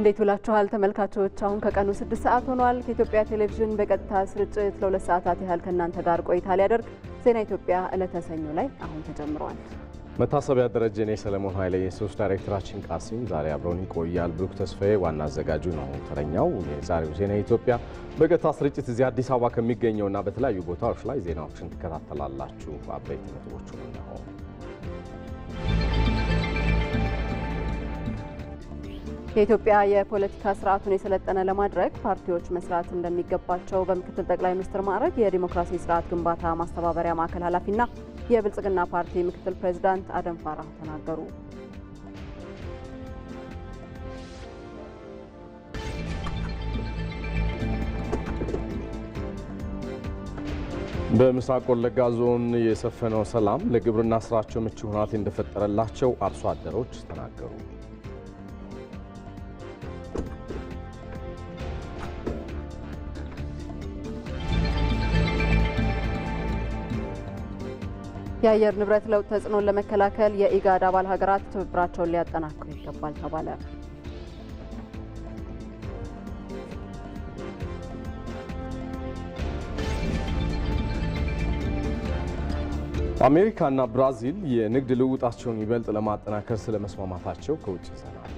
እንዴት ውላችኋል ተመልካቾች? አሁን ከቀኑ ስድስት ሰዓት ሆኗል። ከኢትዮጵያ ቴሌቪዥን በቀጥታ ስርጭት ለሁለት ሰዓታት ያህል ከእናንተ ጋር ቆይታ ሊያደርግ ዜና ኢትዮጵያ ዕለተ ሰኞ ላይ አሁን ተጀምሯል። መታሰቢያ ደረጀ፣ እኔ ሰለሞን ኃይለ፣ የሶስት ዳይሬክተራችን ቃሲም ዛሬ አብረውን ይቆያል። ብሩክ ተስፋዬ ዋና አዘጋጁ ነው። ተረኛው የዛሬው ዜና ኢትዮጵያ በቀጥታ ስርጭት እዚህ አዲስ አበባ ከሚገኘውና በተለያዩ ቦታዎች ላይ ዜናዎችን ትከታተላላችሁ። አበይት ነጥቦቹ ነው። የኢትዮጵያ የፖለቲካ ስርዓቱን የሰለጠነ ለማድረግ ፓርቲዎች መስራት እንደሚገባቸው በምክትል ጠቅላይ ሚኒስትር ማዕረግ የዲሞክራሲ ስርዓት ግንባታ ማስተባበሪያ ማዕከል ኃላፊና የብልጽግና ፓርቲ ምክትል ፕሬዚዳንት አደም ፋራህ ተናገሩ። በምስራቅ ወለጋ ዞን የሰፈነው ሰላም ለግብርና ስራቸው ምቹ ሁኔታ እንደፈጠረላቸው አርሶ አደሮች ተናገሩ። የአየር ንብረት ለውጥ ተጽዕኖን ለመከላከል የኢጋድ አባል ሀገራት ትብብራቸውን ሊያጠናክሩ ይገባል ተባለ። አሜሪካና ብራዚል የንግድ ልውጣቸውን ይበልጥ ለማጠናከር ስለመስማማታቸው ከውጭ ይዘናል።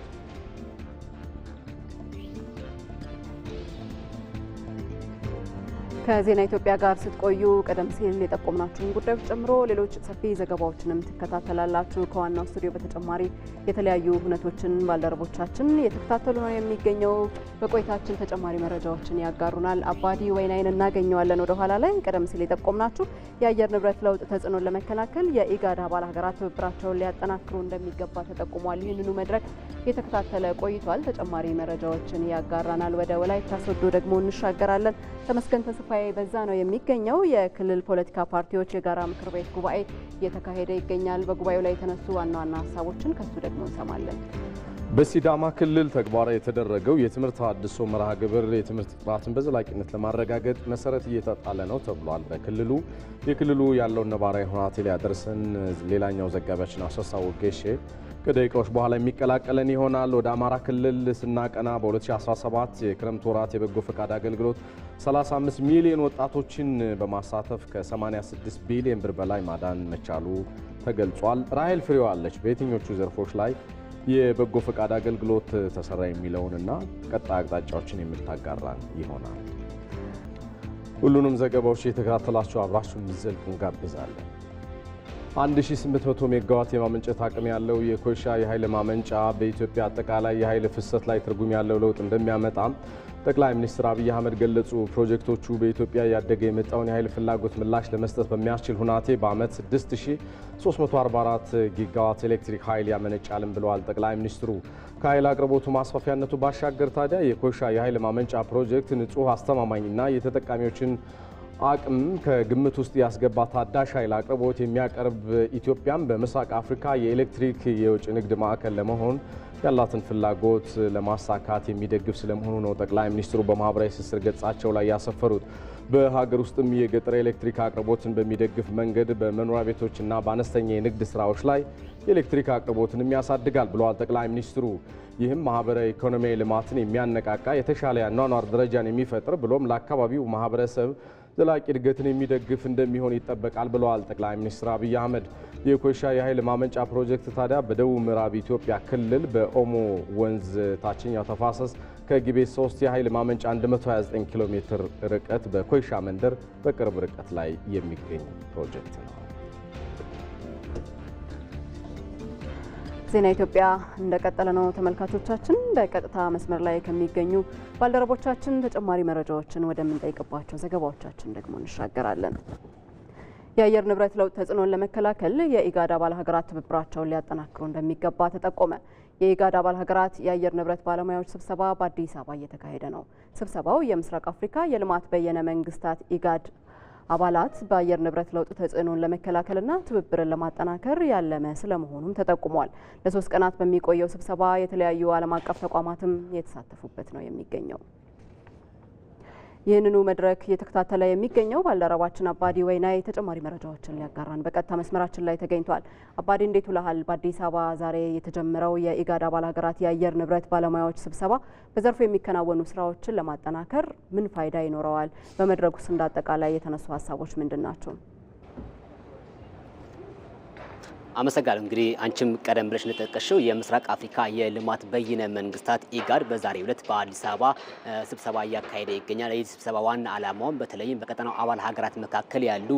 ከዜና ኢትዮጵያ ጋር ስትቆዩ ቀደም ሲል የጠቆምናችሁን ጉዳዮች ጨምሮ ሌሎች ሰፊ ዘገባዎችንም ትከታተላላችሁ። ከዋናው ስቱዲዮ በተጨማሪ የተለያዩ ሁነቶችን ባልደረቦቻችን እየተከታተሉ ነው የሚገኘው። በቆይታችን ተጨማሪ መረጃዎችን ያጋሩናል። አባዲ ወይናይን እናገኘዋለን ወደ ኋላ ላይ። ቀደም ሲል የጠቆምናችሁ የአየር ንብረት ለውጥ ተጽዕኖን ለመከላከል የኢጋድ አባል ሀገራት ትብብራቸውን ሊያጠናክሩ እንደሚገባ ተጠቁሟል። ይህንኑ መድረክ የተከታተለ ቆይቷል። ተጨማሪ መረጃዎችን ያጋራናል። ወደ ወላይታ ሶዶ ደግሞ እንሻገራለን። ተመስገን ተስፋ ጉባኤ በዛ ነው የሚገኘው። የክልል ፖለቲካ ፓርቲዎች የጋራ ምክር ቤት ጉባኤ እየተካሄደ ይገኛል። በጉባኤው ላይ የተነሱ ዋና ዋና ሀሳቦችን ከሱ ደግሞ እንሰማለን። በሲዳማ ክልል ተግባራዊ የተደረገው የትምህርት አድሶ መርሃ ግብር የትምህርት ጥራትን በዘላቂነት ለማረጋገጥ መሰረት እየተጣለ ነው ተብሏል። በክልሉ የክልሉ ያለውን ነባራዊ ሁኔታ ሊያደርሰን ሌላኛው ዘጋቢያችን አሶሳ ወጌሼ ከደቂቃዎች በኋላ የሚቀላቀለን ይሆናል። ወደ አማራ ክልል ስናቀና በ2017 የክረምት ወራት የበጎ ፈቃድ አገልግሎት 35 ሚሊዮን ወጣቶችን በማሳተፍ ከ86 ቢሊዮን ብር በላይ ማዳን መቻሉ ተገልጿል። ራሄል ፍሬው አለች በየትኞቹ ዘርፎች ላይ የበጎ ፈቃድ አገልግሎት ተሰራ የሚለውንና ቀጣይ አቅጣጫዎችን የምታጋራን ይሆናል። ሁሉንም ዘገባዎች እየተከታተላችሁ አብራችሁ እንዲዘልቁ እንጋብዛለን። 1800 ሜጋዋት የማመንጨት አቅም ያለው የኮይሻ የኃይል ማመንጫ በኢትዮጵያ አጠቃላይ የኃይል ፍሰት ላይ ትርጉም ያለው ለውጥ እንደሚያመጣ ጠቅላይ ሚኒስትር አብይ አህመድ ገለጹ። ፕሮጀክቶቹ በኢትዮጵያ እያደገ የመጣውን የኃይል ፍላጎት ምላሽ ለመስጠት በሚያስችል ሁናቴ በዓመት 6344 ጊጋዋት ኤሌክትሪክ ኃይል ያመነጫልን ብለዋል ጠቅላይ ሚኒስትሩ። ከኃይል አቅርቦቱ ማስፋፊያነቱ ባሻገር ታዲያ የኮይሻ የኃይል ማመንጫ ፕሮጀክት ንጹህ፣ አስተማማኝና የተጠቃሚዎችን አቅም ከግምት ውስጥ ያስገባ ታዳሽ ኃይል አቅርቦት የሚያቀርብ ኢትዮጵያን በምስራቅ አፍሪካ የኤሌክትሪክ የውጭ ንግድ ማዕከል ለመሆን ያላትን ፍላጎት ለማሳካት የሚደግፍ ስለመሆኑ ነው ጠቅላይ ሚኒስትሩ በማህበራዊ ትስስር ገጻቸው ላይ ያሰፈሩት። በሀገር ውስጥም የገጠር ኤሌክትሪክ አቅርቦትን በሚደግፍ መንገድ በመኖሪያ ቤቶችና በአነስተኛ የንግድ ስራዎች ላይ የኤሌክትሪክ አቅርቦትንም ያሳድጋል ብለዋል ጠቅላይ ሚኒስትሩ። ይህም ማህበራዊ ኢኮኖሚያዊ ልማትን የሚያነቃቃ የተሻለ ያኗኗር ደረጃን የሚፈጥር ብሎም ለአካባቢው ማህበረሰብ ዘላቂ እድገትን የሚደግፍ እንደሚሆን ይጠበቃል ብለዋል ጠቅላይ ሚኒስትር አብይ አህመድ። የኮይሻ የኃይል ማመንጫ ፕሮጀክት ታዲያ በደቡብ ምዕራብ ኢትዮጵያ ክልል በኦሞ ወንዝ ታችኛው ተፋሰስ ከግቤ 3 የኃይል ማመንጫ 129 ኪሎ ሜትር ርቀት በኮይሻ መንደር በቅርብ ርቀት ላይ የሚገኝ ፕሮጀክት ነው። ዜና ኢትዮጵያ እንደቀጠለ ነው። ተመልካቾቻችን በቀጥታ መስመር ላይ ከሚገኙ ባልደረቦቻችን ተጨማሪ መረጃዎችን ወደምንጠይቅባቸው ዘገባዎቻችን ደግሞ እንሻገራለን። የአየር ንብረት ለውጥ ተጽዕኖን ለመከላከል የኢጋድ አባል ሀገራት ትብብራቸውን ሊያጠናክሩ እንደሚገባ ተጠቆመ። የኢጋድ አባል ሀገራት የአየር ንብረት ባለሙያዎች ስብሰባ በአዲስ አበባ እየተካሄደ ነው። ስብሰባው የምስራቅ አፍሪካ የልማት በየነ መንግስታት ኢጋድ አባላት በአየር ንብረት ለውጥ ተጽዕኖን ለመከላከልና ትብብርን ለማጠናከር ያለመ ስለመሆኑም ተጠቁሟል። ለሶስት ቀናት በሚቆየው ስብሰባ የተለያዩ ዓለም አቀፍ ተቋማትም የተሳተፉበት ነው የሚገኘው። ይህንኑ መድረክ እየተከታተለ የሚገኘው ባልደረባችን አባዲ ወይና የተጨማሪ መረጃዎችን ሊያጋራን በቀጥታ መስመራችን ላይ ተገኝቷል። አባዲ እንዴት ውለሃል? በአዲስ አበባ ዛሬ የተጀመረው የኢጋድ አባል ሀገራት የአየር ንብረት ባለሙያዎች ስብሰባ በዘርፉ የሚከናወኑ ስራዎችን ለማጠናከር ምን ፋይዳ ይኖረዋል? በመድረኩስ እንዳጠቃላይ የተነሱ ሀሳቦች ምንድን ናቸው? አመሰግናለሁ። እንግዲህ አንቺም ቀደም ብለሽ እንደጠቀሽው የምስራቅ አፍሪካ የልማት በይነ መንግስታት ኢጋድ በዛሬው ዕለት በአዲስ አበባ ስብሰባ እያካሄደ ይገኛል። ይህ ስብሰባ ዋና ዓላማውን በተለይም በቀጠናው አባል ሀገራት መካከል ያሉ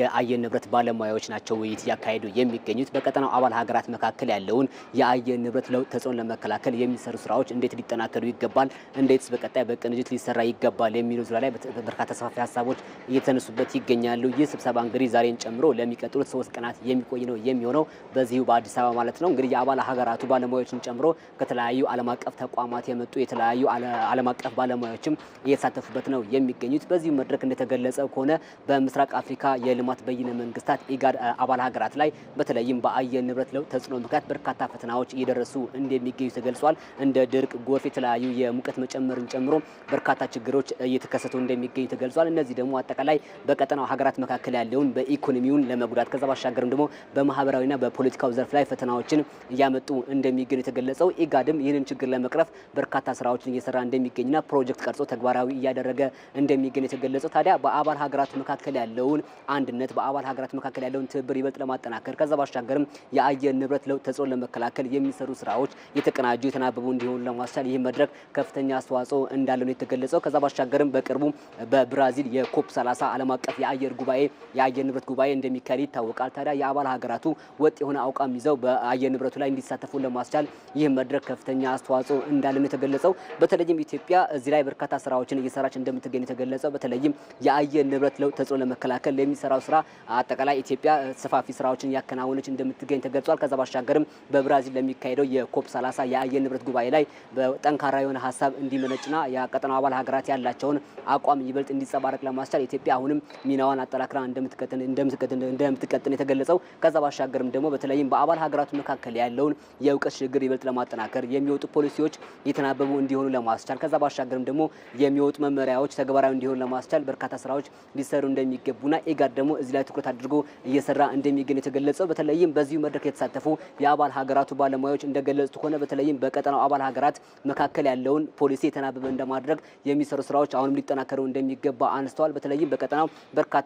የአየር ንብረት ባለሙያዎች ናቸው ውይይት እያካሄዱ የሚገኙት። በቀጠናው አባል ሀገራት መካከል ያለውን የአየር ንብረት ለውጥ ተጽዕኖ ለመከላከል የሚሰሩ ስራዎች እንዴት ሊጠናከሩ ይገባል፣ እንዴትስ በቀጣይ በቅንጅት ሊሰራ ይገባል የሚሉ ዙሪያ ላይ በርካታ ሰፋፊ ሀሳቦች እየተነሱበት ይገኛሉ። ይህ ስብሰባ እንግዲህ ዛሬን ጨምሮ ለሚቀጥሉት ሶስት ቀናት የሚቆይ ነው የሚሆነው። በዚሁ በአዲስ አበባ ማለት ነው። እንግዲህ የአባል ሀገራቱ ባለሙያዎችን ጨምሮ ከተለያዩ ዓለም አቀፍ ተቋማት የመጡ የተለያዩ ዓለም አቀፍ ባለሙያዎችም እየተሳተፉበት ነው የሚገኙት። በዚሁ መድረክ እንደተገለጸው ከሆነ በምስራቅ አፍሪካ የልማት በይነ መንግስታት ኢጋድ አባል ሀገራት ላይ በተለይም በአየር ንብረት ለውጥ ተጽዕኖ ምክንያት በርካታ ፈተናዎች እየደረሱ እንደሚገኙ ተገልጿል። እንደ ድርቅ፣ ጎርፍ፣ የተለያዩ የሙቀት መጨመርን ጨምሮ በርካታ ችግሮች እየተከሰቱ እንደሚገኙ ተገልጿል። እነዚህ ደግሞ አጠቃላይ በቀጠናው ሀገራት መካከል ያለውን በኢኮኖሚውን ለመጉዳት ከዛ ባሻገርም ደግሞ በማህበራዊና በፖለቲካው ዘርፍ ላይ ፈተናዎችን እያመጡ እንደሚገኙ የተገለጸው ኢጋድም ይህንን ችግር ለመቅረፍ በርካታ ስራዎችን እየሰራ እንደሚገኝና ፕሮጀክት ቀርጾ ተግባራዊ እያደረገ እንደሚገኝ የተገለጸው ታዲያ በአባል ሀገራት መካከል ያለውን አንድነት በአባል ሀገራት መካከል ያለውን ትብብር ይበልጥ ለማጠናከር ከዛ ባሻገርም የአየር ንብረት ለውጥ ለመከላከል የሚሰሩ ስራዎች የተቀናጁ የተናበቡ እንዲሆኑ ለማስቻል ይህ መድረክ ከፍተኛ አስተዋጽኦ እንዳለ ነው የተገለጸው። ከዛ ባሻገርም በቅርቡ በብራዚል የኮፕ 30 ዓለም አቀፍ የአየር ጉባኤ የአየር ንብረት ጉባኤ እንደሚካሄድ ይታወቃል። ታዲያ የአባል ሀገራቱ ወጥ የሆነ አቋም ይዘው በአየር ንብረቱ ላይ እንዲሳተፉ ለማስቻል ይህ መድረክ ከፍተኛ አስተዋጽኦ ነው የተገለጸው። በተለይም ኢትዮጵያ እዚህ ላይ በርካታ ስራዎችን እየሰራች እንደምትገኝ የተገለጸው። በተለይም የአየር ንብረት ለውጥ ተጽዕኖ ለመከላከል ለሚሰራው ስራ አጠቃላይ ኢትዮጵያ ሰፋፊ ስራዎችን እያከናወነች እንደምትገኝ ተገልጿል። ከዛ ባሻገርም በብራዚል ለሚካሄደው የኮፕ 30 የአየር ንብረት ጉባኤ ላይ በጠንካራ የሆነ ሀሳብ እንዲመነጭና የቀጠናው አባል ሀገራት ያላቸውን አቋም ይበልጥ እንዲጸባረቅ ለማስቻል ኢትዮጵያ አሁንም ሚናዋን አጠናክራ እንደምትቀጥል የተገለጸው። ከዛ ባሻገርም ወይም ደግሞ በተለይም በአባል ሀገራቱ መካከል ያለውን የእውቀት ሽግግር ይበልጥ ለማጠናከር የሚወጡ ፖሊሲዎች የተናበቡ እንዲሆኑ ለማስቻል ከዛ ባሻገርም ደግሞ የሚወጡ መመሪያዎች ተግባራዊ እንዲሆኑ ለማስቻል በርካታ ስራዎች ሊሰሩ እንደሚገቡና ኢጋድ ደግሞ እዚህ ላይ ትኩረት አድርጎ እየሰራ እንደሚገኝ የተገለጸው በተለይም በዚሁ መድረክ የተሳተፉ የአባል ሀገራቱ ባለሙያዎች እንደገለጹት ከሆነ በተለይም በቀጠናው አባል ሀገራት መካከል ያለውን ፖሊሲ የተናበበ እንደማድረግ የሚሰሩ ስራዎች አሁንም ሊጠናከሩ እንደሚገባ አንስተዋል። በተለይም በቀጠናው በርካታ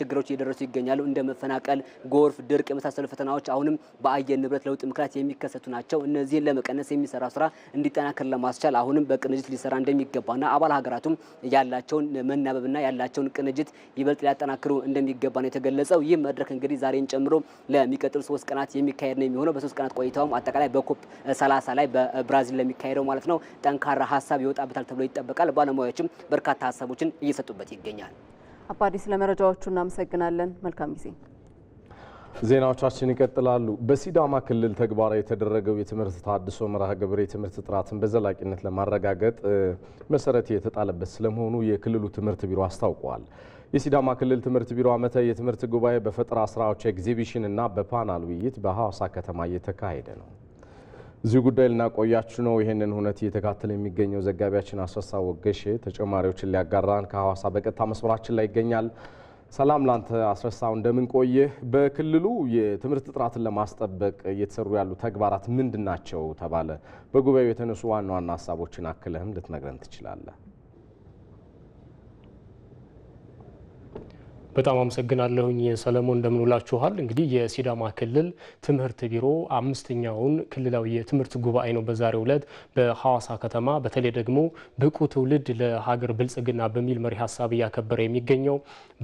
ችግሮች እየደረሱ ይገኛሉ። እንደ መፈናቀል፣ ጎርፍ፣ ድርቅ የመሳሰሉ ፈተናዎች አሁንም በአየር ንብረት ለውጥ ምክንያት የሚከሰቱ ናቸው። እነዚህን ለመቀነስ የሚሰራ ስራ እንዲጠናከር ለማስቻል አሁንም በቅንጅት ሊሰራ እንደሚገባና አባል ሀገራቱም ያላቸውን መናበብና ያላቸውን ቅንጅት ይበልጥ ሊያጠናክሩ እንደሚገባ ነው የተገለጸው። ይህ መድረክ እንግዲህ ዛሬን ጨምሮ ለሚቀጥሉ ሶስት ቀናት የሚካሄድ ነው የሚሆነው። በሶስት ቀናት ቆይታውም አጠቃላይ በኮፕ 30 ላይ በብራዚል ለሚካሄደው ማለት ነው ጠንካራ ሀሳብ ይወጣበታል ተብሎ ይጠበቃል። ባለሙያዎችም በርካታ ሀሳቦችን እየሰጡበት ይገኛል። አባዲ፣ ለመረጃዎቹ እናመሰግናለን። መልካም ጊዜ ዜናዎቻችን ይቀጥላሉ። በሲዳማ ክልል ተግባራዊ የተደረገው የትምህርት ታድሶ መርሃ ግብር የትምህርት ጥራትን በዘላቂነት ለማረጋገጥ መሰረት የተጣለበት ስለመሆኑ የክልሉ ትምህርት ቢሮ አስታውቋል። የሲዳማ ክልል ትምህርት ቢሮ ዓመታዊ የትምህርት ጉባኤ በፈጠራ ስራዎች ኤግዚቢሽን እና በፓናል ውይይት በሐዋሳ ከተማ እየተካሄደ ነው። እዚሁ ጉዳይ ልናቆያችሁ ነው። ይህንን ሁነት እየተካተለ የሚገኘው ዘጋቢያችን አስፈሳ ወገሼ ተጨማሪዎችን ሊያጋራን ከሐዋሳ በቀጥታ መስመራችን ላይ ይገኛል። ሰላም ላንተ አስረሳው፣ እንደምን ቆየህ? በክልሉ የትምህርት ጥራትን ለማስጠበቅ እየተሰሩ ያሉ ተግባራት ምንድን ናቸው ተባለ። በጉባኤው የተነሱ ዋና ዋና ሀሳቦችን አክለህም ልትነግረን ትችላለህ? በጣም አመሰግናለሁኝ ሰለሞን። እንደምንውላችኋል። እንግዲህ የሲዳማ ክልል ትምህርት ቢሮ አምስተኛውን ክልላዊ የትምህርት ጉባኤ ነው በዛሬው ዕለት በሐዋሳ ከተማ በተለይ ደግሞ ብቁ ትውልድ ለሀገር ብልጽግና በሚል መሪ ሀሳብ እያከበረ የሚገኘው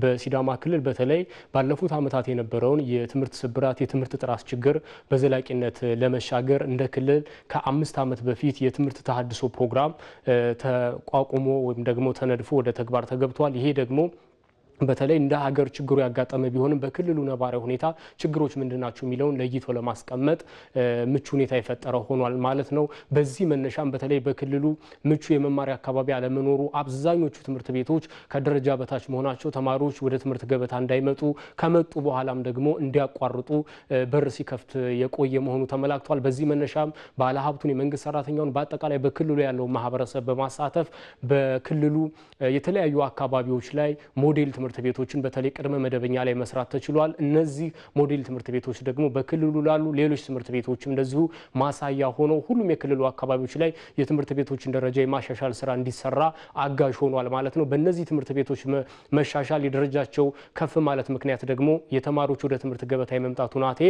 በሲዳማ ክልል በተለይ ባለፉት ዓመታት የነበረውን የትምህርት ስብራት፣ የትምህርት ጥራት ችግር በዘላቂነት ለመሻገር እንደ ክልል ከአምስት ዓመት በፊት የትምህርት ተሃድሶ ፕሮግራም ተቋቁሞ ወይም ደግሞ ተነድፎ ወደ ተግባር ተገብቷል። ይሄ ደግሞ በተለይ እንደ ሀገር ችግሩ ያጋጠመ ቢሆንም በክልሉ ነባራዊ ሁኔታ ችግሮች ምንድን ናቸው የሚለውን ለይቶ ለማስቀመጥ ምቹ ሁኔታ የፈጠረ ሆኗል ማለት ነው። በዚህ መነሻም በተለይ በክልሉ ምቹ የመማሪያ አካባቢ አለመኖሩ፣ አብዛኞቹ ትምህርት ቤቶች ከደረጃ በታች መሆናቸው ተማሪዎች ወደ ትምህርት ገበታ እንዳይመጡ ከመጡ በኋላም ደግሞ እንዲያቋርጡ በር ሲከፍት የቆየ መሆኑ ተመላክቷል። በዚህ መነሻም ባለሀብቱን፣ የመንግስት ሰራተኛውን በአጠቃላይ በክልሉ ያለው ማህበረሰብ በማሳተፍ በክልሉ የተለያዩ አካባቢዎች ላይ ሞዴል ትምህርት ቤቶችን በተለይ ቅድመ መደበኛ ላይ መስራት ተችሏል። እነዚህ ሞዴል ትምህርት ቤቶች ደግሞ በክልሉ ላሉ ሌሎች ትምህርት ቤቶችም እንደዚሁ ማሳያ ሆነው ሁሉም የክልሉ አካባቢዎች ላይ የትምህርት ቤቶችን ደረጃ የማሻሻል ስራ እንዲሰራ አጋዥ ሆኗል ማለት ነው። በእነዚህ ትምህርት ቤቶች መሻሻል የደረጃቸው ከፍ ማለት ምክንያት ደግሞ የተማሪዎች ወደ ትምህርት ገበታ የመምጣቱ ናቴ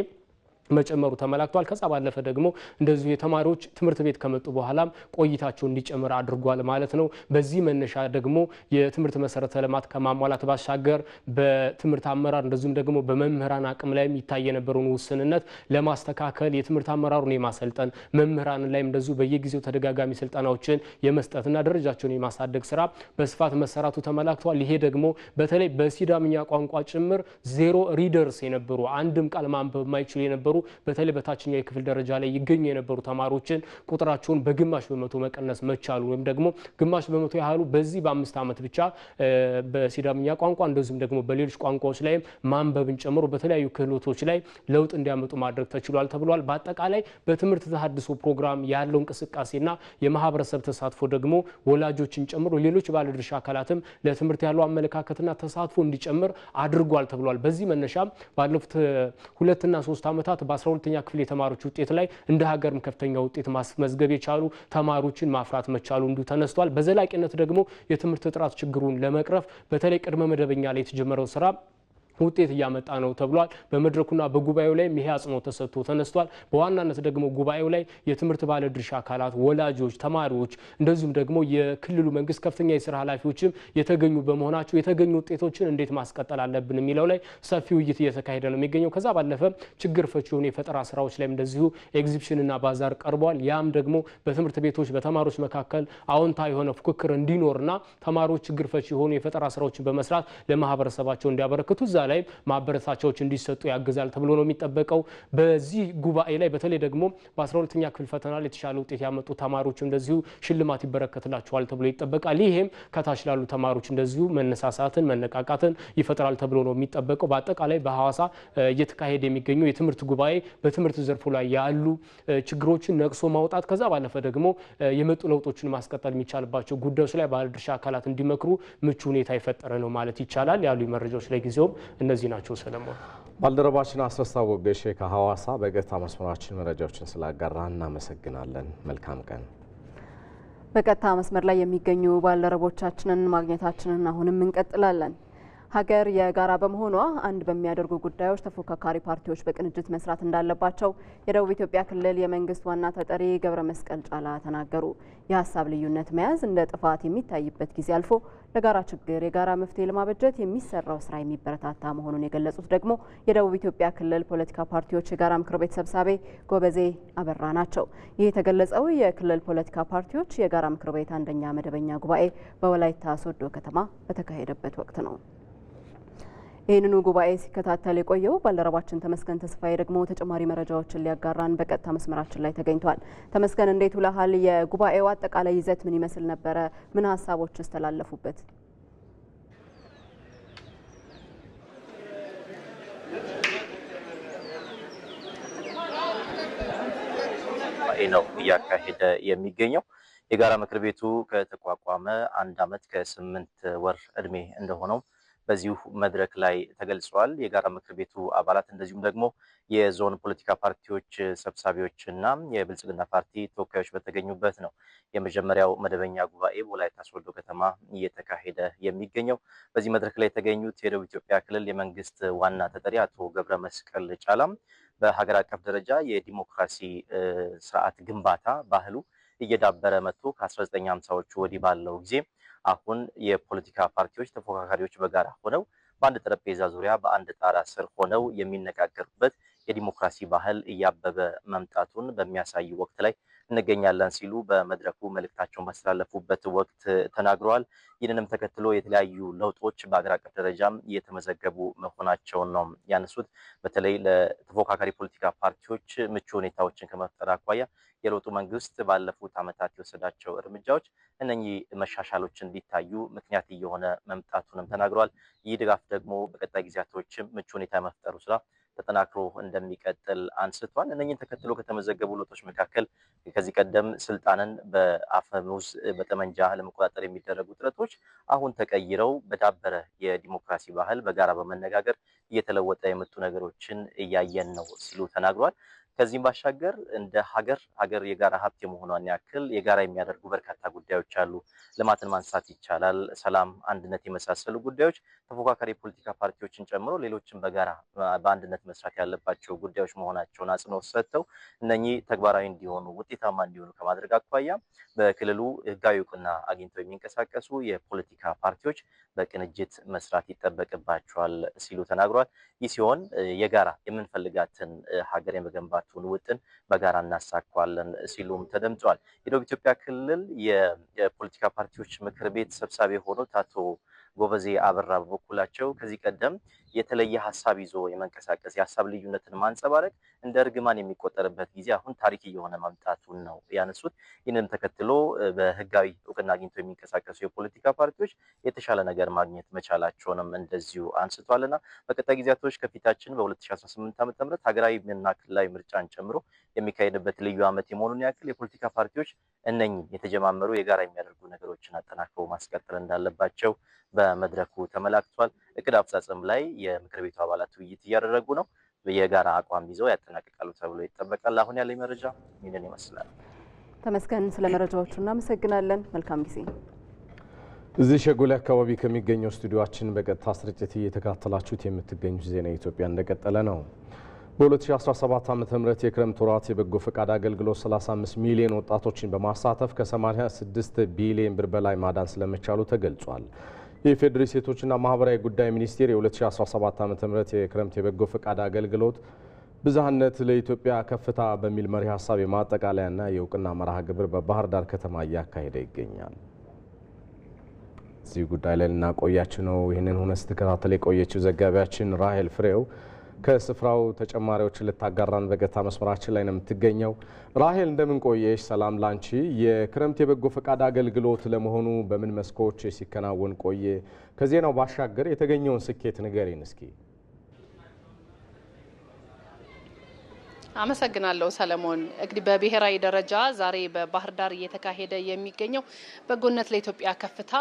መጨመሩ ተመላክቷል። ከዛ ባለፈ ደግሞ እንደዚሁ የተማሪዎች ትምህርት ቤት ከመጡ በኋላም ቆይታቸው እንዲጨምር አድርጓል ማለት ነው። በዚህ መነሻ ደግሞ የትምህርት መሰረተ ልማት ከማሟላት ባሻገር በትምህርት አመራር እንደዚሁም ደግሞ በመምህራን አቅም ላይም ይታይ የነበረውን ውስንነት ለማስተካከል የትምህርት አመራሩን የማሰልጠን መምህራን ላይም እንደዚሁ በየጊዜው ተደጋጋሚ ስልጠናዎችን የመስጠትና ደረጃቸውን የማሳደግ ስራ በስፋት መሰራቱ ተመላክቷል። ይሄ ደግሞ በተለይ በሲዳምኛ ቋንቋ ጭምር ዜሮ ሪደርስ የነበሩ አንድም ቃል ማንበብ የማይችሉ የነበሩ የነበሩ በተለይ በታችኛው የክፍል ደረጃ ላይ ይገኙ የነበሩ ተማሪዎችን ቁጥራቸውን በግማሽ በመቶ መቀነስ መቻሉ ወይም ደግሞ ግማሽ በመቶ ያህሉ በዚህ በአምስት ዓመት ብቻ በሲዳምኛ ቋንቋ እንደዚሁም ደግሞ በሌሎች ቋንቋዎች ላይ ማንበብን ጨምሮ በተለያዩ ክህሎቶች ላይ ለውጥ እንዲያመጡ ማድረግ ተችሏል ተብሏል። በአጠቃላይ በትምህርት ተሃድሶ ፕሮግራም ያለው እንቅስቃሴና የማህበረሰብ ተሳትፎ ደግሞ ወላጆችን ጨምሮ ሌሎች ባለድርሻ አካላትም ለትምህርት ያለው አመለካከትና ተሳትፎ እንዲጨምር አድርጓል ተብሏል። በዚህ መነሻ ባለፉት ሁለትና ሶስት ዓመታት በ12ኛ ክፍል የተማሪዎች ውጤት ላይ እንደ ሀገርም ከፍተኛ ውጤት ማስመዝገብ የቻሉ ተማሪዎችን ማፍራት መቻሉ እንዱ ተነስቷል። በዘላቂነት ደግሞ የትምህርት ጥራት ችግሩን ለመቅረፍ በተለይ ቅድመ መደበኛ ላይ የተጀመረው ስራ ውጤት እያመጣ ነው ተብሏል። በመድረኩና በጉባኤው ላይ ይሄ አጽንኦት ተሰጥቶ ተነስቷል። በዋናነት ደግሞ ጉባኤው ላይ የትምህርት ባለድርሻ አካላት፣ ወላጆች፣ ተማሪዎች እንደዚሁም ደግሞ የክልሉ መንግስት ከፍተኛ የስራ ኃላፊዎችም የተገኙ በመሆናቸው የተገኙ ውጤቶችን እንዴት ማስቀጠል አለብን የሚለው ላይ ሰፊ ውይይት እየተካሄደ ነው የሚገኘው። ከዛ ባለፈ ችግር ፈች የሆኑ የፈጠራ ስራዎች ላይም እንደዚሁ ኤግዚቢሽንና ባዛር ቀርቧል። ያም ደግሞ በትምህርት ቤቶች በተማሪዎች መካከል አዎንታ የሆነ ፉክክር እንዲኖርና ተማሪዎች ችግር ፈች የሆኑ የፈጠራ ስራዎችን በመስራት ለማህበረሰባቸው እንዲያበረክቱ ላይ ማበረታቻዎች እንዲሰጡ ያግዛል ተብሎ ነው የሚጠበቀው። በዚህ ጉባኤ ላይ በተለይ ደግሞ በ12ኛ ክፍል ፈተና ላይ የተሻለ ውጤት ያመጡ ተማሪዎች እንደዚሁ ሽልማት ይበረከትላቸዋል ተብሎ ይጠበቃል። ይሄም ከታች ላሉ ተማሪዎች እንደዚሁ መነሳሳትን፣ መነቃቃትን ይፈጥራል ተብሎ ነው የሚጠበቀው። በአጠቃላይ በሐዋሳ እየተካሄደ የሚገኘው የትምህርት ጉባኤ በትምህርት ዘርፉ ላይ ያሉ ችግሮችን ነቅሶ ማውጣት ከዛ ባለፈ ደግሞ የመጡ ለውጦችን ማስቀጠል የሚቻልባቸው ጉዳዮች ላይ ባለድርሻ አካላት እንዲመክሩ ምቹ ሁኔታ የፈጠረ ነው ማለት ይቻላል። ያሉ መረጃዎች ለጊዜውም እነዚህ ናቸው። ሰለሞን ባልደረባችን አስረሳ ወገሼ ከሐዋሳ በቀጥታ መስመራችን መረጃዎችን ስላጋራ እናመሰግናለን። መልካም ቀን። በቀጥታ መስመር ላይ የሚገኙ ባልደረቦቻችንን ማግኘታችንን አሁንም እንቀጥላለን። ሀገር የጋራ በመሆኗ አንድ በሚያደርጉ ጉዳዮች ተፎካካሪ ፓርቲዎች በቅንጅት መስራት እንዳለባቸው የደቡብ ኢትዮጵያ ክልል የመንግስት ዋና ተጠሪ ገብረ መስቀል ጫላ ተናገሩ። የሀሳብ ልዩነት መያዝ እንደ ጥፋት የሚታይበት ጊዜ አልፎ ለጋራ ችግር የጋራ መፍትሄ ለማበጀት የሚሰራው ስራ የሚበረታታ መሆኑን የገለጹት ደግሞ የደቡብ ኢትዮጵያ ክልል ፖለቲካ ፓርቲዎች የጋራ ምክር ቤት ሰብሳቤ ጎበዜ አበራ ናቸው። ይህ የተገለጸው የክልል ፖለቲካ ፓርቲዎች የጋራ ምክር ቤት አንደኛ መደበኛ ጉባኤ በወላይታ ሶዶ ከተማ በተካሄደበት ወቅት ነው። ይህንኑ ጉባኤ ሲከታተል የቆየው ባልደረባችን ተመስገን ተስፋዬ ደግሞ ተጨማሪ መረጃዎችን ሊያጋራን በቀጥታ መስመራችን ላይ ተገኝቷል። ተመስገን እንዴት ውለሃል? የጉባኤው አጠቃላይ ይዘት ምን ይመስል ነበረ? ምን ሀሳቦች ተላለፉበት? ነው እያካሄደ የሚገኘው የጋራ ምክር ቤቱ ከተቋቋመ አንድ አመት ከስምንት ወር እድሜ እንደሆነው በዚሁ መድረክ ላይ ተገልጸዋል። የጋራ ምክር ቤቱ አባላት እንደዚሁም ደግሞ የዞን ፖለቲካ ፓርቲዎች ሰብሳቢዎች እና የብልጽግና ፓርቲ ተወካዮች በተገኙበት ነው የመጀመሪያው መደበኛ ጉባኤ በወላይታ ሶዶ ከተማ እየተካሄደ የሚገኘው። በዚህ መድረክ ላይ የተገኙት የደቡብ ኢትዮጵያ ክልል የመንግስት ዋና ተጠሪ አቶ ገብረ መስቀል ጫላም በሀገር አቀፍ ደረጃ የዲሞክራሲ ስርዓት ግንባታ ባህሉ እየዳበረ መጥቶ ከ1950ዎቹ ወዲህ ባለው ጊዜ አሁን የፖለቲካ ፓርቲዎች ተፎካካሪዎች በጋራ ሆነው በአንድ ጠረጴዛ ዙሪያ በአንድ ጣራ ስር ሆነው የሚነጋገሩበት የዲሞክራሲ ባህል እያበበ መምጣቱን በሚያሳይ ወቅት ላይ እንገኛለን ሲሉ በመድረኩ መልእክታቸውን ባስተላለፉበት ወቅት ተናግረዋል። ይህንንም ተከትሎ የተለያዩ ለውጦች በአገር አቀፍ ደረጃም እየተመዘገቡ መሆናቸውን ነው ያነሱት። በተለይ ለተፎካካሪ ፖለቲካ ፓርቲዎች ምቹ ሁኔታዎችን ከመፍጠር አኳያ የለውጡ መንግስት ባለፉት ዓመታት የወሰዳቸው እርምጃዎች እነኚህ መሻሻሎች እንዲታዩ ምክንያት እየሆነ መምጣቱንም ተናግረዋል። ይህ ድጋፍ ደግሞ በቀጣይ ጊዜያቶችም ምቹ ሁኔታ የመፍጠሩ ስራ ተጠናክሮ እንደሚቀጥል አንስቷል። እነኝን ተከትሎ ከተመዘገቡ ለውጦች መካከል ከዚህ ቀደም ስልጣንን በአፈሙዝ በጠመንጃ ለመቆጣጠር የሚደረጉ ጥረቶች አሁን ተቀይረው በዳበረ የዲሞክራሲ ባህል በጋራ በመነጋገር እየተለወጠ የመጡ ነገሮችን እያየን ነው ሲሉ ተናግሯል። ከዚህም ባሻገር እንደ ሀገር ሀገር የጋራ ሀብት የመሆኗን ያክል የጋራ የሚያደርጉ በርካታ ጉዳዮች አሉ። ልማትን ማንሳት ይቻላል። ሰላም፣ አንድነት የመሳሰሉ ጉዳዮች ተፎካካሪ የፖለቲካ ፓርቲዎችን ጨምሮ ሌሎችን በጋራ በአንድነት መስራት ያለባቸው ጉዳዮች መሆናቸውን አጽንኦት ሰጥተው እነኚህ ተግባራዊ እንዲሆኑ ውጤታማ እንዲሆኑ ከማድረግ አኳያ በክልሉ ህጋዊ እውቅና አግኝተው የሚንቀሳቀሱ የፖለቲካ ፓርቲዎች በቅንጅት መስራት ይጠበቅባቸዋል ሲሉ ተናግሯል። ይህ ሲሆን የጋራ የምንፈልጋትን ሀገር የመገንባቱን ውጥን በጋራ እናሳኳለን ሲሉም ተደምጠዋል። የደቡብ ኢትዮጵያ ክልል የፖለቲካ ፓርቲዎች ምክር ቤት ሰብሳቢ የሆኑት አቶ ጎበዜ አበራ በበኩላቸው ከዚህ ቀደም የተለየ ሀሳብ ይዞ የመንቀሳቀስ የሀሳብ ልዩነትን ማንጸባረቅ እንደ እርግማን የሚቆጠርበት ጊዜ አሁን ታሪክ እየሆነ መምጣቱን ነው ያነሱት። ይህንን ተከትሎ በህጋዊ እውቅና አግኝቶ የሚንቀሳቀሱ የፖለቲካ ፓርቲዎች የተሻለ ነገር ማግኘት መቻላቸውንም እንደዚሁ አንስቷልና በቀጣይ ጊዜያቶች ከፊታችን በ2018 ዓ ም ሀገራዊ እና ክልላዊ ምርጫን ጨምሮ የሚካሄድበት ልዩ ዓመት የመሆኑን ያክል የፖለቲካ ፓርቲዎች እነኝም የተጀማመሩ የጋራ የሚያደርጉ ነገሮችን አጠናክረው ማስቀጠል እንዳለባቸው በመድረኩ ተመላክቷል። እቅድ አፈጻጸም ላይ የምክር ቤቱ አባላት ውይይት እያደረጉ ነው። የጋራ አቋም ይዘው ያጠናቅቃሉ ተብሎ ይጠበቃል። አሁን ያለኝ መረጃ ይህንን ይመስላል። ተመስገን፣ ስለ መረጃዎቹ እናመሰግናለን። መልካም ጊዜ። እዚህ ሸጎሌ አካባቢ ከሚገኘው ስቱዲዮችን በቀጥታ ስርጭት እየተከታተላችሁት የምትገኙት ዜና ኢትዮጵያ እንደቀጠለ ነው። በ2017 ዓ ም የክረምት ወራት የበጎ ፈቃድ አገልግሎት 35 ሚሊዮን ወጣቶችን በማሳተፍ ከ86 ቢሊዮን ብር በላይ ማዳን ስለመቻሉ ተገልጿል። የኢፌዴሪ ሴቶችና ማህበራዊ ጉዳይ ሚኒስቴር የ2017 ዓ ም የክረምት የበጎ ፈቃድ አገልግሎት ብዝሃነት ለኢትዮጵያ ከፍታ በሚል መሪ ሀሳብ የማጠቃለያና የእውቅና መርሃ ግብር በባህር ዳር ከተማ እያካሄደ ይገኛል። እዚህ ጉዳይ ላይ ልናቆያችሁ ነው። ይህንን ሁነት ስትከታተል የቆየችው ዘጋቢያችን ራሄል ፍሬው ከስፍራው ተጨማሪዎችን ልታጋራን በገታ መስመራችን ላይ ነው የምትገኘው። ራሄል እንደምን ቆየሽ? ሰላም ላንቺ። የክረምት የበጎ ፈቃድ አገልግሎት ለመሆኑ በምን መስኮች ሲከናወን ቆየ? ከዜናው ባሻገር የተገኘውን ስኬት ንገሪን እስኪ። አመሰግናለሁ ሰለሞን። እንግዲህ በብሔራዊ ደረጃ ዛሬ በባህር ዳር እየተካሄደ የሚገኘው በጎነት ለኢትዮጵያ ከፍታ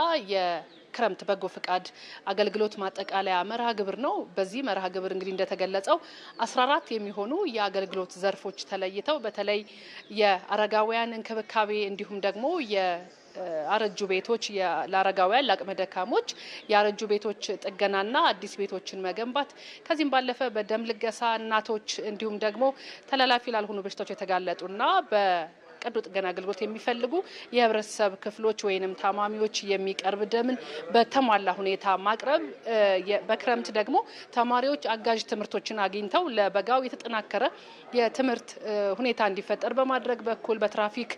የክረምት በጎ ፍቃድ አገልግሎት ማጠቃለያ መርሃ ግብር ነው። በዚህ መርሃ ግብር እንግዲህ እንደተገለጸው 14 የሚሆኑ የአገልግሎት ዘርፎች ተለይተው በተለይ የአረጋውያን እንክብካቤ እንዲሁም ደግሞ አረጁ ቤቶች ለአረጋውያን ለአቅመ ደካሞች የአረጁ ቤቶች ጥገናና አዲስ ቤቶችን መገንባት ከዚህም ባለፈ በደም ልገሳ እናቶች እንዲሁም ደግሞ ተላላፊ ላልሆኑ በሽታዎች የተጋለጡና ቀዶ ጥገና አገልግሎት የሚፈልጉ የህብረተሰብ ክፍሎች ወይንም ታማሚዎች የሚቀርብ ደምን በተሟላ ሁኔታ ማቅረብ፣ በክረምት ደግሞ ተማሪዎች አጋዥ ትምህርቶችን አግኝተው ለበጋው የተጠናከረ የትምህርት ሁኔታ እንዲፈጠር በማድረግ በኩል በትራፊክ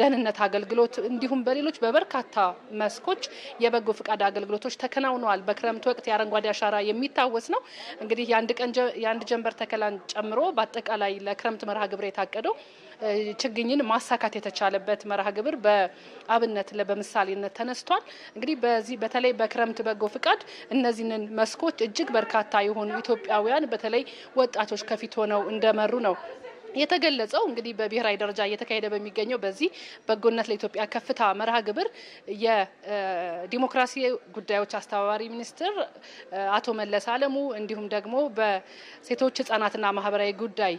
ደህንነት አገልግሎት እንዲሁም በሌሎች በበርካታ መስኮች የበጎ ፍቃድ አገልግሎቶች ተከናውነዋል። በክረምት ወቅት የአረንጓዴ አሻራ የሚታወስ ነው። እንግዲህ የአንድ ቀን የአንድ ጀንበር ተከላን ጨምሮ በአጠቃላይ ለክረምት መርሃ ግብር የታቀደው ችግኝን ማሳካት የተቻለበት መርሃ ግብር በአብነት በምሳሌነት ተነስቷል። እንግዲህ በዚህ በተለይ በክረምት በጎ ፍቃድ እነዚህንን መስኮች እጅግ በርካታ የሆኑ ኢትዮጵያውያን በተለይ ወጣቶች ከፊት ሆነው እንደመሩ ነው የተገለጸው እንግዲህ በብሔራዊ ደረጃ እየተካሄደ በሚገኘው በዚህ በጎነት ለኢትዮጵያ ከፍታ መርሃ ግብር የዲሞክራሲ ጉዳዮች አስተባባሪ ሚኒስትር አቶ መለስ አለሙ እንዲሁም ደግሞ በሴቶች ህጻናትና ማህበራዊ ጉዳይ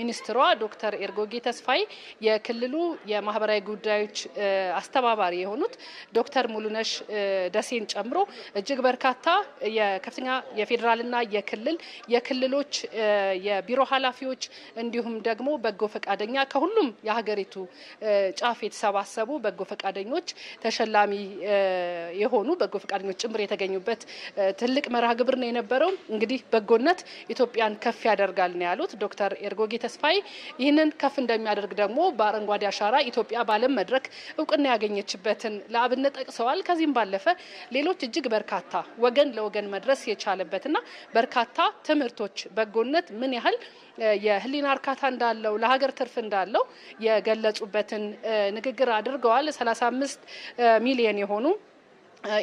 ሚኒስትሯ ዶክተር ኤርጎጌ ተስፋይ የክልሉ የማህበራዊ ጉዳዮች አስተባባሪ የሆኑት ዶክተር ሙሉነሽ ደሴን ጨምሮ እጅግ በርካታ የከፍተኛ የፌዴራልና የክልል የክልሎች የቢሮ ኃላፊዎች እንዲሁም ደግሞ በጎ ፈቃደኛ ከሁሉም የሀገሪቱ ጫፍ የተሰባሰቡ በጎ ፈቃደኞች ተሸላሚ የሆኑ በጎ ፈቃደኞች ጭምር የተገኙበት ትልቅ መርሃ ግብር ነው የነበረው። እንግዲህ በጎነት ኢትዮጵያን ከፍ ያደርጋል ነው ያሉት ዶክተር ኤርጎጌ ተስፋዬ። ይህንን ከፍ እንደሚያደርግ ደግሞ በአረንጓዴ አሻራ ኢትዮጵያ በዓለም መድረክ እውቅና ያገኘችበትን ለአብነት ጠቅሰዋል። ከዚህም ባለፈ ሌሎች እጅግ በርካታ ወገን ለወገን መድረስ የቻለበትና በርካታ ትምህርቶች በጎነት ምን ያህል የህሊና እርካታን እንዳለው ለሀገር ትርፍ እንዳለው የገለጹበትን ንግግር አድርገዋል። 35 ሚሊየን የሆኑ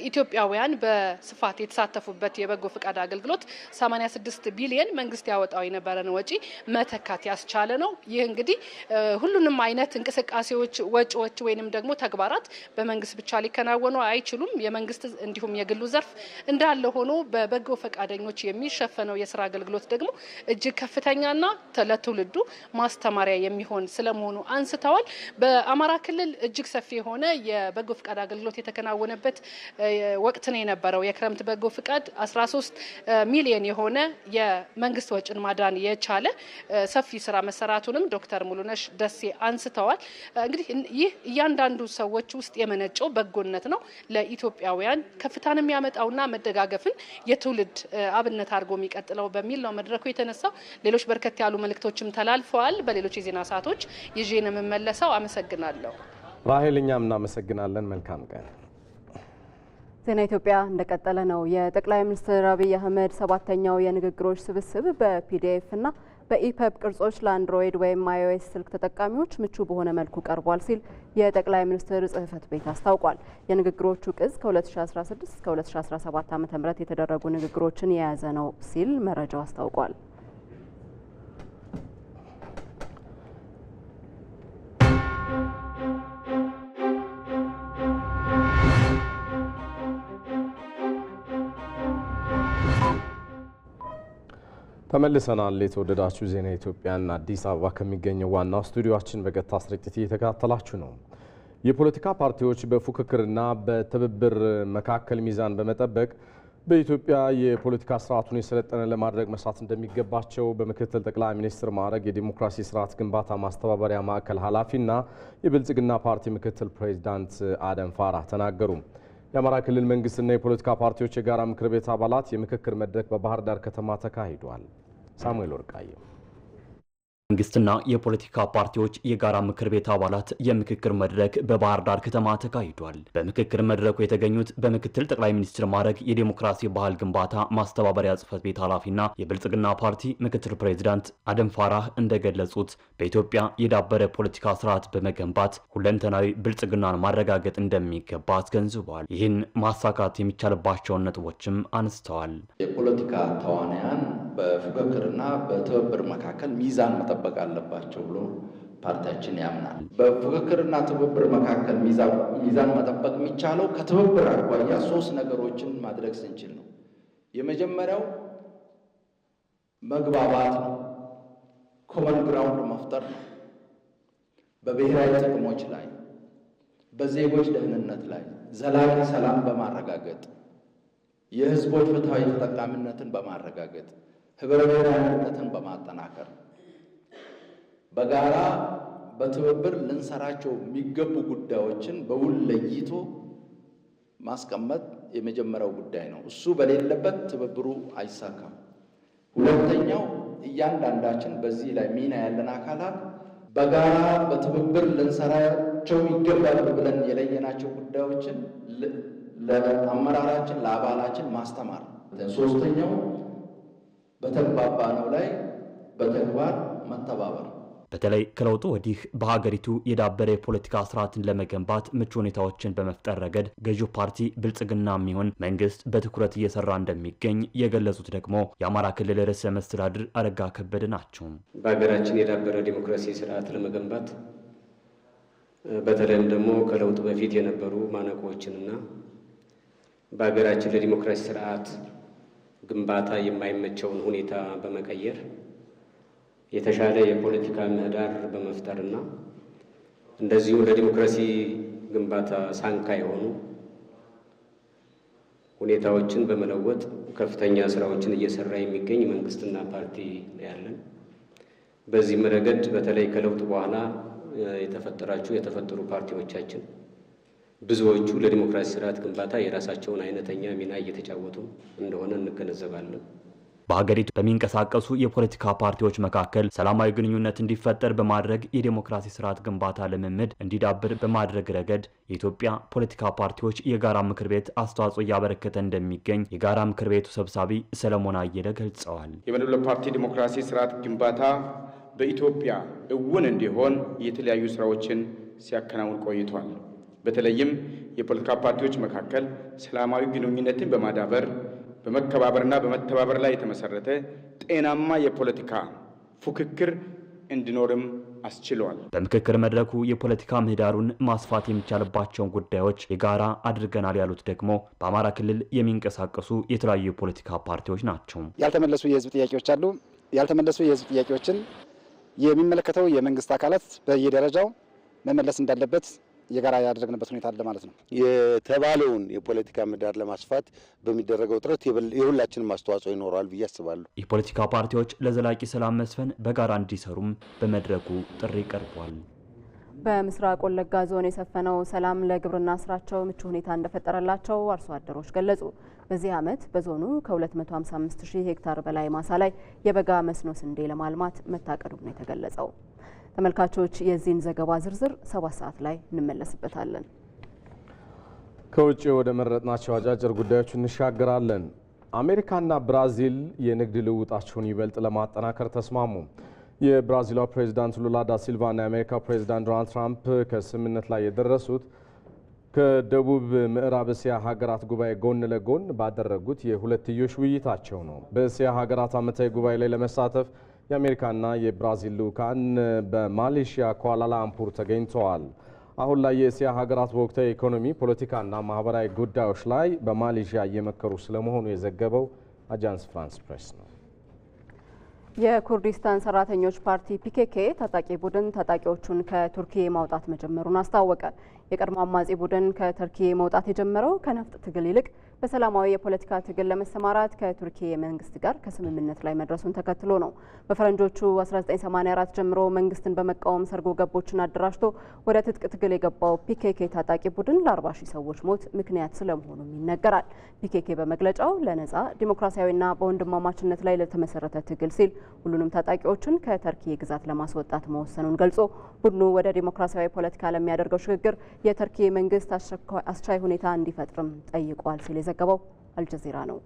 ኢትዮጵያውያን በስፋት የተሳተፉበት የበጎ ፈቃድ አገልግሎት 86 ቢሊየን መንግስት ያወጣው የነበረን ወጪ መተካት ያስቻለ ነው። ይህ እንግዲህ ሁሉንም አይነት እንቅስቃሴዎች፣ ወጪዎች ወይንም ደግሞ ተግባራት በመንግስት ብቻ ሊከናወኑ አይችሉም። የመንግስት እንዲሁም የግሉ ዘርፍ እንዳለ ሆኖ በበጎ ፈቃደኞች የሚሸፈነው የስራ አገልግሎት ደግሞ እጅግ ከፍተኛና ለትውልዱ ማስተማሪያ የሚሆን ስለመሆኑ አንስተዋል። በአማራ ክልል እጅግ ሰፊ የሆነ የበጎ ፈቃድ አገልግሎት የተከናወነበት ወቅት ነው የነበረው የክረምት በጎ ፍቃድ 13 ሚሊዮን የሆነ የመንግስት ወጭን ማዳን የቻለ ሰፊ ስራ መሰራቱንም ዶክተር ሙሉነሽ ደሴ አንስተዋል። እንግዲህ ይህ እያንዳንዱ ሰዎች ውስጥ የመነጨው በጎነት ነው። ለኢትዮጵያውያን ከፍታን የሚያመጣውና መደጋገፍን የትውልድ አብነት አድርጎ የሚቀጥለው በሚል ነው መድረኩ የተነሳው። ሌሎች በርከት ያሉ መልእክቶችም ተላልፈዋል። በሌሎች የዜና ሰዓቶች ይዤ ነው የምመለሰው። አመሰግናለሁ። ራሄል፣ እኛም እናመሰግናለን። መልካም ቀን ዜና ኢትዮጵያ እንደቀጠለ ነው። የጠቅላይ ሚኒስትር አብይ አህመድ ሰባተኛው የንግግሮች ስብስብ በፒዲኤፍ እና በኢፐብ ቅርጾች ለአንድሮይድ ወይም አይኦኤስ ስልክ ተጠቃሚዎች ምቹ በሆነ መልኩ ቀርቧል ሲል የጠቅላይ ሚኒስትር ጽህፈት ቤት አስታውቋል። የንግግሮቹ ቅጽ ከ2016 እስከ 2017 ዓ.ም የተደረጉ ንግግሮችን የያዘ ነው ሲል መረጃው አስታውቋል። ተመልሰናል። የተወደዳችሁ ዜና ኢትዮጵያና አዲስ አበባ ከሚገኘው ዋናው ስቱዲዮችን በቀጥታ ስርጭት እየተከታተላችሁ ነው። የፖለቲካ ፓርቲዎች በፉክክርና በትብብር መካከል ሚዛን በመጠበቅ በኢትዮጵያ የፖለቲካ ስርዓቱን የሰለጠነ ለማድረግ መስራት እንደሚገባቸው በምክትል ጠቅላይ ሚኒስትር ማዕረግ የዲሞክራሲ ስርዓት ግንባታ ማስተባበሪያ ማዕከል ኃላፊና የብልጽግና ፓርቲ ምክትል ፕሬዚዳንት አደም ፋራህ ተናገሩ። የአማራ ክልል መንግስትና የፖለቲካ ፓርቲዎች የጋራ ምክር ቤት አባላት የምክክር መድረክ በባህር ዳር ከተማ ተካሂዷል። Samuel Orcayo. መንግስትና የፖለቲካ ፓርቲዎች የጋራ ምክር ቤት አባላት የምክክር መድረክ በባህር ዳር ከተማ ተካሂዷል። በምክክር መድረኩ የተገኙት በምክትል ጠቅላይ ሚኒስትር ማዕረግ የዴሞክራሲ ባህል ግንባታ ማስተባበሪያ ጽህፈት ቤት ኃላፊና የብልጽግና ፓርቲ ምክትል ፕሬዚዳንት አደም ፋራህ እንደገለጹት በኢትዮጵያ የዳበረ ፖለቲካ ስርዓት በመገንባት ሁለንተናዊ ብልጽግናን ማረጋገጥ እንደሚገባ አስገንዝበዋል። ይህን ማሳካት የሚቻልባቸውን ነጥቦችም አንስተዋል። የፖለቲካ ተዋናያን በፉክክርና በትብብር መካከል ሚዛን መጠበቅ አለባቸው ብሎ ፓርቲያችን ያምናል። በፉክክርና ትብብር መካከል ሚዛን መጠበቅ የሚቻለው ከትብብር አኳያ ሶስት ነገሮችን ማድረግ ስንችል ነው። የመጀመሪያው መግባባት ነው፣ ኮመን ግራውንድ መፍጠር ነው። በብሔራዊ ጥቅሞች ላይ፣ በዜጎች ደህንነት ላይ ዘላቂ ሰላም በማረጋገጥ የህዝቦች ፍትሐዊ ተጠቃሚነትን በማረጋገጥ ህብረ ብሔራዊነትን በማጠናከር በጋራ በትብብር ልንሰራቸው የሚገቡ ጉዳዮችን በውል ለይቶ ማስቀመጥ የመጀመሪያው ጉዳይ ነው። እሱ በሌለበት ትብብሩ አይሳካም። ሁለተኛው እያንዳንዳችን በዚህ ላይ ሚና ያለን አካላት በጋራ በትብብር ልንሰራቸው ይገባሉ ብለን የለየናቸው ጉዳዮችን ለአመራራችን፣ ለአባላችን ማስተማር። ሶስተኛው በተግባባነው ላይ በተግባር መተባበር በተለይ ከለውጡ ወዲህ በሀገሪቱ የዳበረ የፖለቲካ ስርዓትን ለመገንባት ምቹ ሁኔታዎችን በመፍጠር ረገድ ገዢው ፓርቲ ብልጽግና የሚሆን መንግስት በትኩረት እየሰራ እንደሚገኝ የገለጹት ደግሞ የአማራ ክልል ርዕሰ መስተዳድር አረጋ ከበደ ናቸው። በሀገራችን የዳበረ ዲሞክራሲ ስርዓት ለመገንባት በተለይም ደግሞ ከለውጥ በፊት የነበሩ ማነቆዎችንና በሀገራችን ለዲሞክራሲ ስርዓት ግንባታ የማይመቸውን ሁኔታ በመቀየር የተሻለ የፖለቲካ ምህዳር በመፍጠርና እንደዚሁ ለዲሞክራሲ ግንባታ ሳንካ የሆኑ ሁኔታዎችን በመለወጥ ከፍተኛ ስራዎችን እየሰራ የሚገኝ መንግስትና ፓርቲ ያለን። በዚህም ረገድ በተለይ ከለውጥ በኋላ የተፈጠራችሁ የተፈጠሩ ፓርቲዎቻችን ብዙዎቹ ለዲሞክራሲ ስርዓት ግንባታ የራሳቸውን አይነተኛ ሚና እየተጫወቱ እንደሆነ እንገነዘባለን። በሀገሪቱ በሚንቀሳቀሱ የፖለቲካ ፓርቲዎች መካከል ሰላማዊ ግንኙነት እንዲፈጠር በማድረግ የዴሞክራሲ ስርዓት ግንባታ ልምምድ እንዲዳብር በማድረግ ረገድ የኢትዮጵያ ፖለቲካ ፓርቲዎች የጋራ ምክር ቤት አስተዋጽኦ እያበረከተ እንደሚገኝ የጋራ ምክር ቤቱ ሰብሳቢ ሰለሞን አየለ ገልጸዋል። የመድብለ ፓርቲ ዲሞክራሲ ስርዓት ግንባታ በኢትዮጵያ እውን እንዲሆን የተለያዩ ስራዎችን ሲያከናውን ቆይቷል። በተለይም የፖለቲካ ፓርቲዎች መካከል ሰላማዊ ግንኙነትን በማዳበር በመከባበርና በመተባበር ላይ የተመሰረተ ጤናማ የፖለቲካ ፉክክር እንዲኖርም አስችሏል። በምክክር መድረኩ የፖለቲካ ምህዳሩን ማስፋት የሚቻልባቸውን ጉዳዮች የጋራ አድርገናል ያሉት ደግሞ በአማራ ክልል የሚንቀሳቀሱ የተለያዩ የፖለቲካ ፓርቲዎች ናቸው። ያልተመለሱ የህዝብ ጥያቄዎች አሉ። ያልተመለሱ የህዝብ ጥያቄዎችን የሚመለከተው የመንግስት አካላት በየደረጃው መመለስ እንዳለበት የጋራ ያደረግንበት ሁኔታ አለ ማለት ነው። የተባለውን የፖለቲካ ምህዳር ለማስፋት በሚደረገው ጥረት የሁላችንም አስተዋጽኦ ይኖረዋል ብዬ አስባለሁ። የፖለቲካ ፓርቲዎች ለዘላቂ ሰላም መስፈን በጋራ እንዲሰሩም በመድረኩ ጥሪ ቀርቧል። በምስራቅ ወለጋ ዞን የሰፈነው ሰላም ለግብርና ስራቸው ምቹ ሁኔታ እንደፈጠረላቸው አርሶ አደሮች ገለጹ። በዚህ ዓመት በዞኑ ከ255 ሺህ ሄክታር በላይ ማሳ ላይ የበጋ መስኖ ስንዴ ለማልማት መታቀዱም ነው የተገለጸው። ተመልካቾች የዚህን ዘገባ ዝርዝር ሰባት ሰዓት ላይ እንመለስበታለን። ከውጭ ወደ መረጥናቸው አጫጭር ጉዳዮች እንሻገራለን። አሜሪካና ብራዚል የንግድ ልውውጣቸውን ይበልጥ ለማጠናከር ተስማሙ። የብራዚሏ ፕሬዚዳንት ሉላ ዳ ሲልቫና የአሜሪካ ፕሬዚዳንት ዶናልድ ትራምፕ ከስምምነት ላይ የደረሱት ከደቡብ ምዕራብ እስያ ሀገራት ጉባኤ ጎን ለጎን ባደረጉት የሁለትዮሽ ውይይታቸው ነው። በእስያ ሀገራት ዓመታዊ ጉባኤ ላይ ለመሳተፍ የአሜሪካና የብራዚል ልዑካን በማሌሽያ ኳላላምፑር ተገኝተዋል። አሁን ላይ የእስያ ሀገራት በወቅታዊ ኢኮኖሚ፣ ፖለቲካና ማህበራዊ ጉዳዮች ላይ በማሌዥያ እየመከሩ ስለመሆኑ የዘገበው አጃንስ ፍራንስ ፕሬስ ነው። የኩርዲስታን ሰራተኞች ፓርቲ ፒኬኬ ታጣቂ ቡድን ታጣቂዎቹን ከቱርኪ ማውጣት መጀመሩን አስታወቀ። የቀድሞ አማጺ ቡድን ከቱርኪ መውጣት የጀመረው ከነፍጥ ትግል ይልቅ በሰላማዊ የፖለቲካ ትግል ለመሰማራት ከቱርኪ መንግስት ጋር ከስምምነት ላይ መድረሱን ተከትሎ ነው። በፈረንጆቹ 1984 ጀምሮ መንግስትን በመቃወም ሰርጎ ገቦችን አደራጅቶ ወደ ትጥቅ ትግል የገባው ፒኬኬ ታጣቂ ቡድን ለ40 ሺህ ሰዎች ሞት ምክንያት ስለመሆኑም ይነገራል። ፒኬኬ በመግለጫው ለነጻ ዲሞክራሲያዊና በወንድማማችነት ላይ ለተመሰረተ ትግል ሲል ሁሉንም ታጣቂዎችን ከተርኪ ግዛት ለማስወጣት መወሰኑን ገልጾ ቡድኑ ወደ ዲሞክራሲያዊ ፖለቲካ ለሚያደርገው ሽግግር የተርኪ መንግስት አስቻይ ሁኔታ እንዲፈጥርም ጠይቋል ሲል የዘገበው አልጀዚራ ነው።